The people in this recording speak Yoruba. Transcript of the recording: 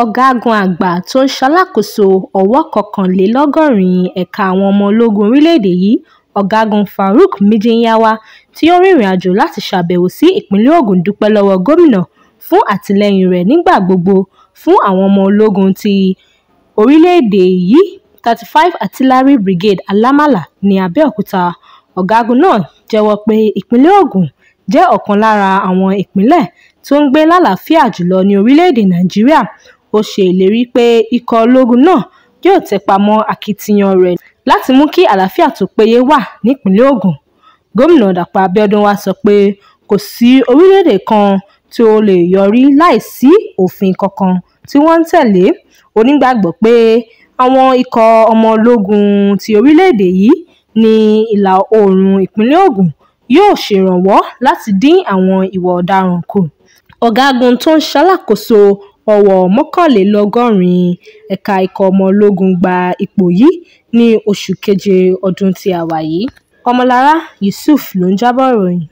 ọ̀gágun àgbà tó ń ṣàkóso owó kọkànlélọ́gọ́rin ẹ̀ka àwọn ọmọ ológun orílẹ̀‐èdè yìí ọ̀gágun farouk mijinyawa tí ó rìnrìn-àjò láti ṣàbẹ̀wò sí ìpínlẹ̀ ogun dúpẹ́ lọ́wọ́ gómìnà fún àtìlẹ́yìn rẹ̀ nígbà gbogbo fún àwọn ọmọ ológun ti orílẹ̀‐èdè yìí thirty five artillery brigade alámàlà ní abẹ́òkúta ọ̀gágun náà jẹ́wọ́ pé ìpínlẹ̀ ogun jẹ́ ọ̀kan lára àwọn ìpínlẹ̀ tó ń gbé lálàáfíà jùlọ ní orílẹ̀‐èdè nàíjíríà ó ṣe ìlérí pé ikọ̀ ológun náà yóò tẹpa mọ́ akitiyan rẹ̀ láti mú kí àlàáfíà tó péye wà nípìnlẹ̀ ogun gómìnà dàpọ̀ abiodun wàá sọ pé kò sí orílẹ̀-èdè kan tó lè yọrí láì sí òfin kankan tí wọ́n ń tẹ̀lé ó nígbàgbọ́ pé àwọn ikọ̀ ọmọ ológun tí orílẹ̀-èdè yìí ní ìlà oòrùn ìpínlẹ̀ ogun yóò ṣèrànwọ́ láti dín àwọn ìwà ọ̀daràn kù ọ̀gágun tó ń ṣàlàkóso ọ̀wọ̀ mọ́kànlélọ́gọ́rin ẹ̀ka ikọ̀ ọmọ ológun gba ipò yìí ní oṣù keje ọdún tí a wà yìí ọmọlára yusuf ló ń jábọ̀ ìròyìn